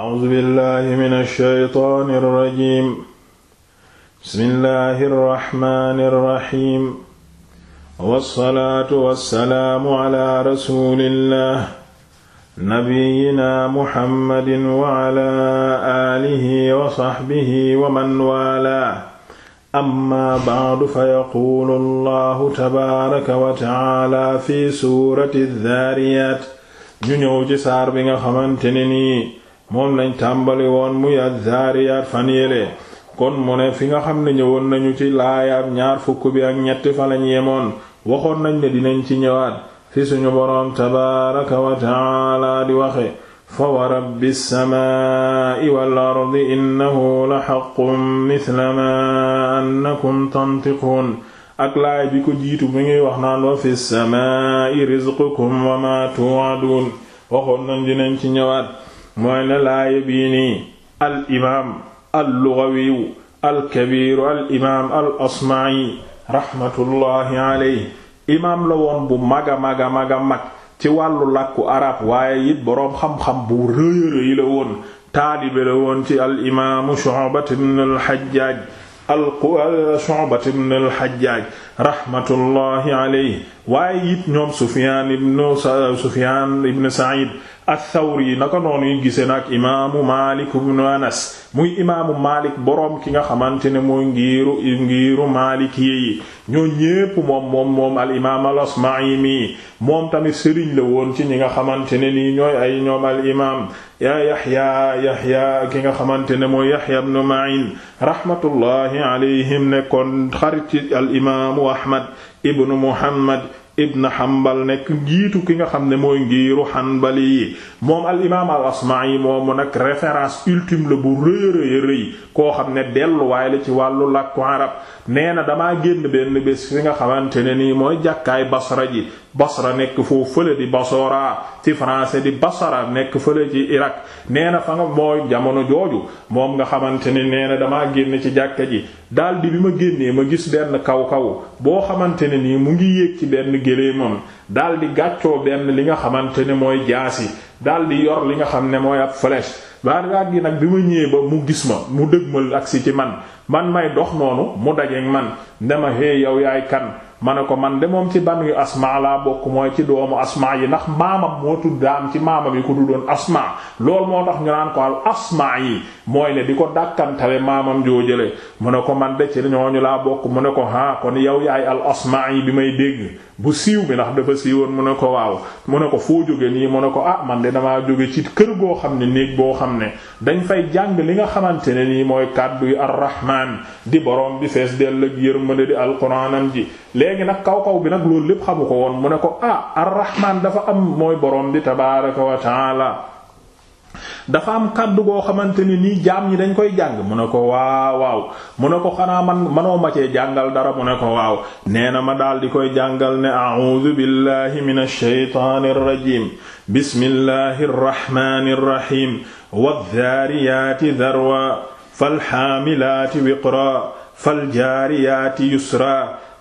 A'uuzu billaahi mina shaytaani rajiim. Bismillaahi rahmaani rahiim. Wassalaatu wassalaamu alaa rasuulillaah. Nabiyyinaa Muhammadin wa alaa aalihi wa sahbihi wa man waalaahu. Ammaa ba'du fayaquulu Allaahu tabaaraka wa ta'aalaa fi suurati Zaariyaat. Ñu ñëw ci saar bi nga xamante ne nii. moom lañ tàmbali woon muy az-Zaariyaat fan yélee kon mu ne fi nga xam ne ñëwoon nañu ci laayaab ñaar fukk bi ak ñetti fa lañ yemoon waxoon nañ ne dinañ ci ñëwaat fi suñu boroom tabaaraka wa taala di waxe fa wa rabbi samaai wal ardi innahu la xaqun mithla ma annakum tantiquun ak laay bi ko jiitu mi ngiy wax naan wa fi samaai rizqukum wa ma tu'adun waxoon nañ dinañ ci ñëwaat mooy ne laaya bii nii al imaam al lugawiyu al kabiiru al imaam al asma'i raxmatullaahi alayhi la woon bu maga maga maga mag ci wàllu làkku arab waaye it boroom xam-xam bu rëy la woon taalibe la woon ci al imaamu Shu'bat ibn al Hajjaj al Shu'bat ibn al Hajjaj raxmatullaahi alayhi waaye it ñoom Sufyaan ibn Sufyaan ibn Sa'id ath-Thawri naka noonu yu gisee nag imaamu Maalik ibn Anas muy imaamu Maalik boroom ki nga xamante ne mooy ngiiru ngiiru Maalik yi ñoo ñépp moom moom moom al moom tamit sëriñ la woon ci ñi nga xamante ne nii ñooy ay ñoom al imaam ya Yaxya Yaxya ki nga xamante ne mooy Yaxya ibn Ma'in rahmatullahi alayhim nekkoon xarit ci al Ahmad ibnu Muhammad ibn Hanbal nekk njiitu ki nga xam ne mooy ngiiru Hanbali yi moom al imaam al moomu nag référence ultime la bu rëy rëy rëy koo xam ne delluwaay la ci wàllu làkku arab nee na damaa génn benn bés fi nga xamante ne nii mooy jàkkaay Basra ji basra nekk foofu fële di basora ci français di basara nekk fële ci Irak nee na fa mooy jamono jooju moom nga xamante ne nee na dama génn ci jàkka ji daldi bi ma génnee ma gis benn kaw kaw boo xamante ne nii mu ngi yéeg ci benn géléemam daal di gàccoo benn li nga xamante ne mooy jaasi daal di yor li nga xam ne mooy ab flèche baadaat gi nag bi ma ñëwee ba mu gis ma mu dëgmal agsi ci man man may dox noonu mu dajeeg man ne ma hey yow yaay kan. ma ne ko man de moom ci ban yu asmaa laa bokk mooy ci doomu asmaa yi ndax maamam moo tudd daam ci maamam yi ko tuddoon asmaa loolu moo tax ñu naan ko al asmaa yi mooy ne di ko dàkkantale maamam joojale mu ne ko man de ci ñooñu laa bokk mu ne ko ha kon yow yaay al asma'i bi may dégg bu siiw bi ndax dafa siiwoon mu ne ko waaw mu ne ko foo jóge nii mu ne ko ah man de damaa jóge ci kër goo xam ne néeg boo xam ne dañ fay jàng li nga xamante ne nii mooy kàddu yi arrahman di borom bi fees dell ak yërmande di alquraanam ji léegi nag kaw kaw bi nag loolu lépp xamu ko woon mu ne ko ah arrahman dafa am mooy borom bi tabaaraka wa taala dafa am kàddu goo xamante ne nii jaam ñi dañ koy jàng mu ne ko waaw waaw mu ne ko xanaa man manoo ma jàngal dara mu ne ko waaw nee na ma daal di koy jàngal ne a'udhu billahi minash shaytanir rajim bismillahir rahmanir rahim wadh-dhariyati dharwa falxaamilaati wiqra faljaariyaati yusra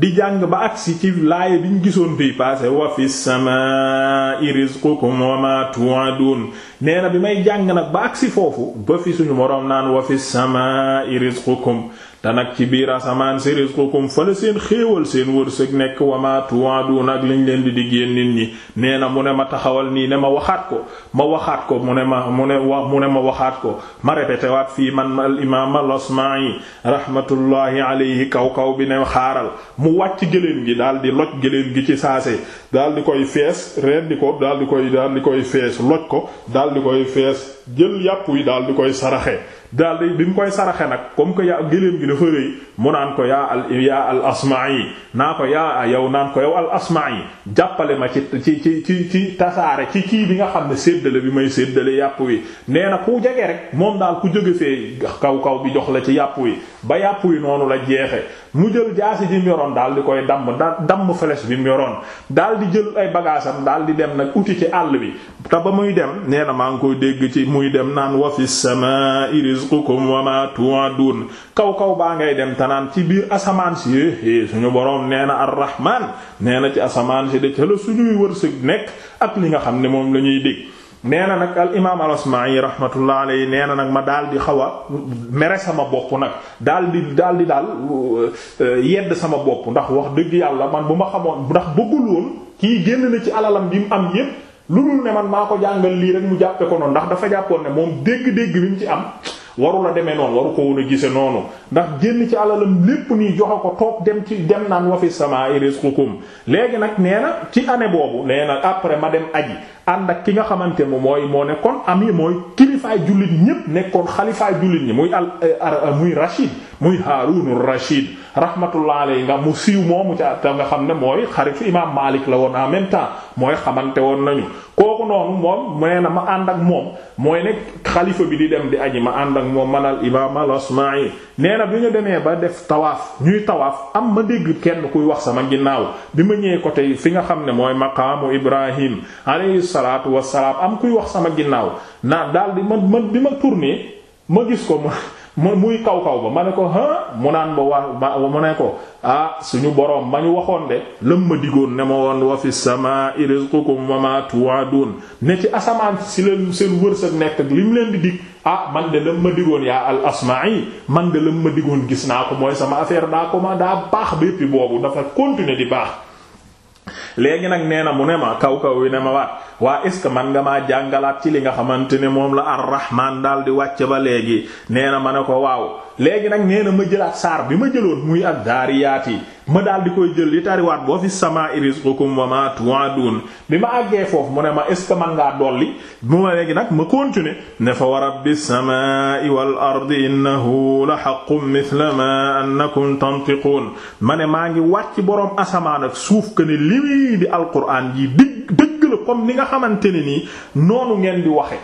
di jàng ba agsi ci laaya biñ gisoon bi passé wa fi samaa'i rizqukum wa ma tu'adun nee na bi may jàng nag ba agsi foofu ba fi suñu moroom naan wa fi samaa'i rizqukum te nag ci biir asamaan si rizqukum fa la seen xéewal seen wërsëg nekk wa ma tu'adun ak liñ leen di di yéen nit ñi nee na mu ne ma taxawal nii ne ma waxaat ko ma waxaat ko mu ne ma mu ne wa mu ne ma waxaat ko ma répété fii man al imaam al asma'i rahmatullahi alayhi kaw kaw bi ne xaaral mu wàcc gëléem gi daal di loj gëléem gi ci saase daal di koy fees reen ko daal di koy di koy fees loj ko daal di koy fees jël yàpp wi daal di koy saraxe dal di bi mu koy saraxe nag comme que ya géléem gi dafa rëy mu naan ko yaa al yaa al yi naa ko yaa yow naan ko yow al yi jàppale ma ci ci ci ci ci tasaare ci kii bi nga xam ne séddale bi may séddale yàpp wi nee na ku jege rek moom daal ku jóge fee kaw kaw bi jox la ci yàpp wi ba yàpp wi noonu la jeexe mu jël jaasi ji mu yoroon daal di koy damm damm flèche bi mu yoroon daal di jël ay bagaasam daal di dem nag uti ci àll bi te ba muy dem nee na maa ngi koy dégg ci muy dem naan wa fi samaa'i rizqukum wa ma tu'adun kaw kaw baa ngay dem te ci biir asamaan si é eh, eh, suñu boroom nee na ar-rahman nee na ci asamaan si de ca la suñuy wërsëg nekk ak li nga xam ne moom la ñuy dégg nee na nag al imaam al asma'i rahmatullah alayhi nee na nag ma daal di xaw a mere sama bopp nag daal di daal di daal euh, yedd sama bopp ndax wax dëgg yàlla man bu ma xamoon ndax bëggul woon kii génn na ci alalam bi mu am yépp lu dul ne man maa ko jàngal lii rek mu jàppe ko noonu ndax dafa jàppoon ne moom dégg-dégg bi mu ci am waru la demee noonu waru ko woon a gise noonu ndax génn ci alalam lépp nii joxe ko toog dem ci dem naan wa fi samaa'i rizqukum léegi nag nee ci année boobu nee après ma dem aji ànd ak ki nga xamante ne mooy moo nekkoon ami mooy kilifaay jullit ñépp nekkoon xalifaay jullit ñi muy al eh, muy Rashid muy Haarun Rashid rahmatullah alayhi nga mu siiw moomu ca ta nga xam ne mooy xaritu imaam Malik la woon en même mooy xamante woon nañu kooku noonu moom nee na ma ànd ak moom mooy ne xalifa bi di dem di aji ma ànd ak moom man al imaam al Asma'i nee na bi ñu demee ba def tawaaf ñuy tawaaf am ma dégg kenn kuy wax sama ginnaaw bi ma ñëwee côté fi nga xam ne mooy maqaamu Ibrahim alayhi salaatu wassalaam am kuy wax sama ginnaaw naan daal ma ma bi gis ko ma muy kaw kaw ba ma ne ko ha mu naan ba waa mu ne ko ah suñu boroom ma ñu waxoon de lëm ma digoon ne ma woon wa fi samaa'i rizqukum wa ma tu'adun ne ci asamaan si leen seen wërsëg nekk li lim leen di dig ah man de lëm ma digoon yaa al asma'i man de lëm ma digoon gis naa ko mooy sama affaire daa ko ma daa baax béppi boobu dafa continuer di baax léegi nag nee na mu ne ma kaw kaw wi ne ma waat waa est ce que man nga maa jàngalaat ci li nga xamante ne moom la arrahman daal di wàcc ba léegi nee na ma ne ko waaw léegi nag nee na ma jëlaat saar bi ma jëloon muy ak daariyaat yi ma daal di koy jël li tariwaat boo fi samaa'i rizqukum wa ma tu'adun bi ma àggee foofu mu ne ma est ce que man ngaa dolli mu ma léegi nag ma continuer ne fa wa rabbi samaa'i wal ardi innahu la haqqun mithla ma annakum tantiqun maa ngi wàcc boroom asamaan ak suuf que ne li di alquraan ji dig yooyu comme ni nga xamante ne nii noonu ngeen di waxe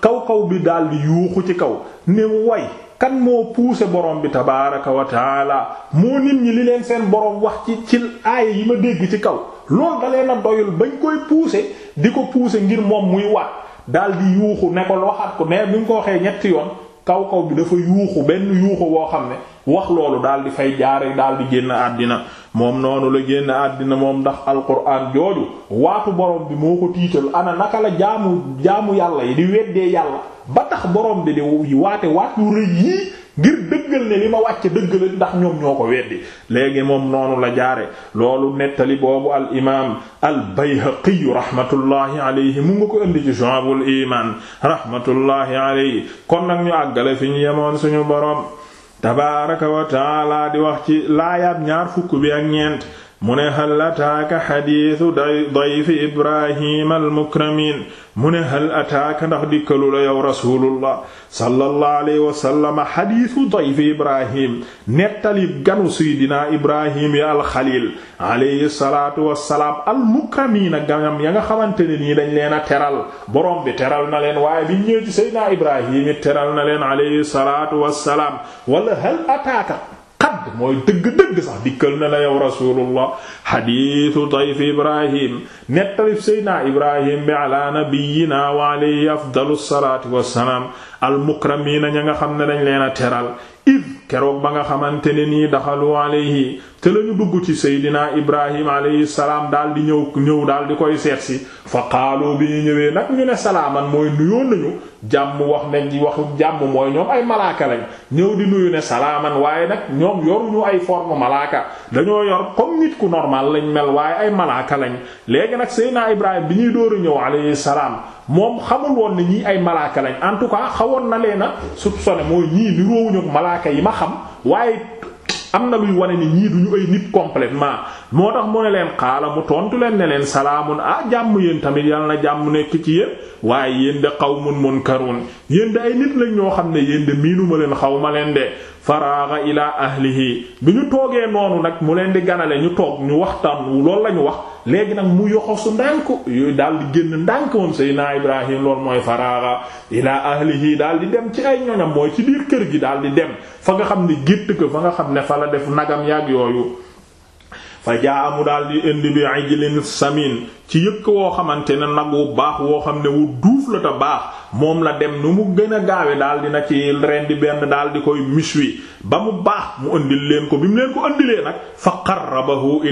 kaw kaw bi daal di yuuxu ci kaw ne woy kan moo puuse borom bi tabaaraka wa taala moo nit ñi li leen seen borom wax ci ci aaya yi ma dégg ci kaw loolu da leen a doyul bañ koy puuse di ko puuse ngir moom muy wax daal di yuuxu ne ko waxaat ko ne bi ko waxee ñetti yoon kaw kaw bi dafa yuuxu benn yuuxu boo xam ne wax loolu daal di fay jaare daal di génn àddina moom noonu la génn àddina moom ndax alquran jooju waatu borom bi moo ko tiital ana naka la jaamu jaamu yàlla yi di weddee yàlla ba tax borom bi di waate waat yu rëy yii ngir dëggal ne li ma wàcc dëggal ndax ñoom ñoo ko weddi léegi moom noonu la jaare loolu nettali boobu al imaam al bayhaqi rahmatullahi alayhi mu nga ko indi ci shu'abul iman rahmatullahi kon nag ñu àggale fi ñu yemoon suñu borom tabaaraka wa taala di wax ci laayaab ñaar fukk bi ak ñeent mu ne hal ataaka xadiisu dayfi ibrahim almukramin mu ne hal ataaka ndax dikkalu la yow rasulullah sallallahu alayhi wasallama xadiisu dayfi ibrahim nettali ganu seydinaa ibrahim ya alxalil alayhi salaatu wassalaam almukramiina ganam ya nga xamante ne nii dañ leen a teral borom bi teral na leen waaye bi ñëw ci seydinaa ibrahim teral na leen alayhi salaatu wassalaam wala hal ataaka xadd mooy dëgg-dëgg sax dikkal na la yow rasulullah xadiitu dayf ibrahim nettalif seydna ibrahim bi ala nabiyina wa alayhi afdalu salaati wassalaam almukramiina ña nga xam ne dañ leen a teral id keroog ba nga xamante ne nii daxalu alayhi te lañu dugg ci seydina ibrahim alayhi salaam daal di ñëw ñëw daal di koy seetsi fa qaalu bi ñu ñëwee nag ñu ne salaaman mooy nuyoon nañu jàmm wax nañ di waxu jàmm mooy ñoom ay malaaka lañ ñëw di nuyu ne salaaman waaye nag ñoom yoruñu ay forme malaaka dañoo yor comme nit ku normal lañ mel waaye ay malaaka lañ léegi nag Seydina Ibrahim bi ñuy dóoru ñëw alayhi salaam moom xamul woon ne ñii ay malaaka lañ en tout cas xawoon na leena soupçonné mooy ñii niroowuñu malaaka yi ma xam waaye am na luy wane ni ñii duñu ay nit complètement moo tax mu ne leen xaala mu tontu leen ne leen salaamun ah jàmm yéen tamit yal na jàmm nekk ci yéen waaye yéen de qawmun munkarun yéen de ay nit lañ ñoo xam ne yéen de miinuma leen xaw ma leen de faraaga ilaa ahlihi bi ñu toogee noonu nag mu leen di ganale ñu toog ñu waxtaan loolu la ñu wax léegi nag mu yoxosu ndànk yooyu daal di génn ndànk moom Seydina Ibrahim loolu mooy faraaga ilaa ahlihi daal di dem ci ay ñoñam mooy ci biir kër gi daal di dem fa nga xam ni gétt ko fa nga xam ne fa la def nagam yàgg yooyu fa jaa amu daal di indi bi ijlin samin ci yëkk woo xamante ne nag wu baax woo xam ne wu duuf la te baax moom la dem nu mu gën a gaawe daal dina ci rendi benn daal di koy miswi ba mu baax mu indil leen ko bi mu leen ko indilee nag fa qarrabahu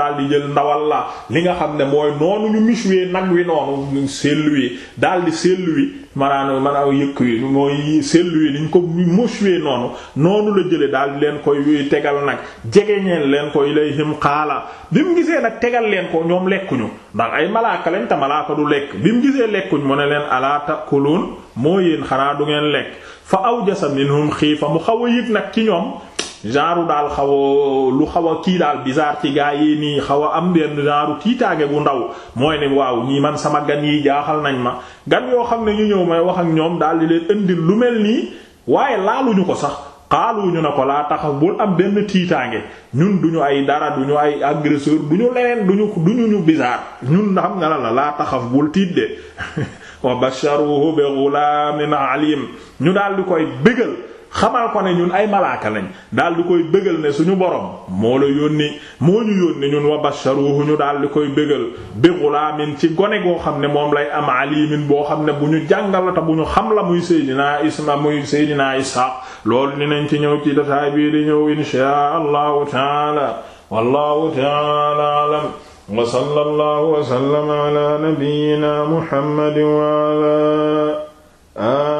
daal di jël ndawal la li nga xam ne mooy noonu ñu miswee wi noonu sell wi daal di sell wi maanaam maanaam yëkk wi mooy sell wi liñ ko miswee noonu noonu la jële daal di leen koy tegal nag jege jegeñeen leen ko ilayhim xaala bi mu gisee nag tegal leen ko ñoom lekkuñu ndax ay malaaka lañ te du lekk bi mu gisee lekkuñ mu ne leen alaa takuluun moo yéen xanaa du ngeen lekk fa aw awjasa minhum xiifa mu xaw a yëg nag ci ñoom genre daal xaw a lu xaw a kii daal bizarre ci gaa yi nii xaw a am benn genre tiitaange bu ndaw mooy ne waaw ñii man sama gan yi jaaxal nañ ma gan yoo xam ne ñu ñëw may wax ak ñoom daal di leen indil lu mel nii waaye laaluñu ko sax. xaalu ñu ne ko laa taxaw bul ab benn tiitaange ñun duñu ay dara duñu ay agresseur duñu leneen duñu duñu ñu bizarre ñun xam nga la laa taxaf bul tiit de wa basharuhu bi ghulamin alim ñu daal di koy bégal xamal ko ne ñun ay malaaka lañ daal di koy bégal ne suñu borom moo la yónni moo ñu yónni ñun wa basharuhu ñu daal di koy bégal bi ghulamin ci gone goo xam ne moom lay am alimin boo xam ne bu ñu jàngal bu ñu xam la muy seydinaa isma muy seydinaa ishaq loolu dinañ ci ñëw ci dataay bii di ñëw inshaa allahu taala wallahu taala alam wa sallallahu wa sallama ala nabiyyina muhammad wa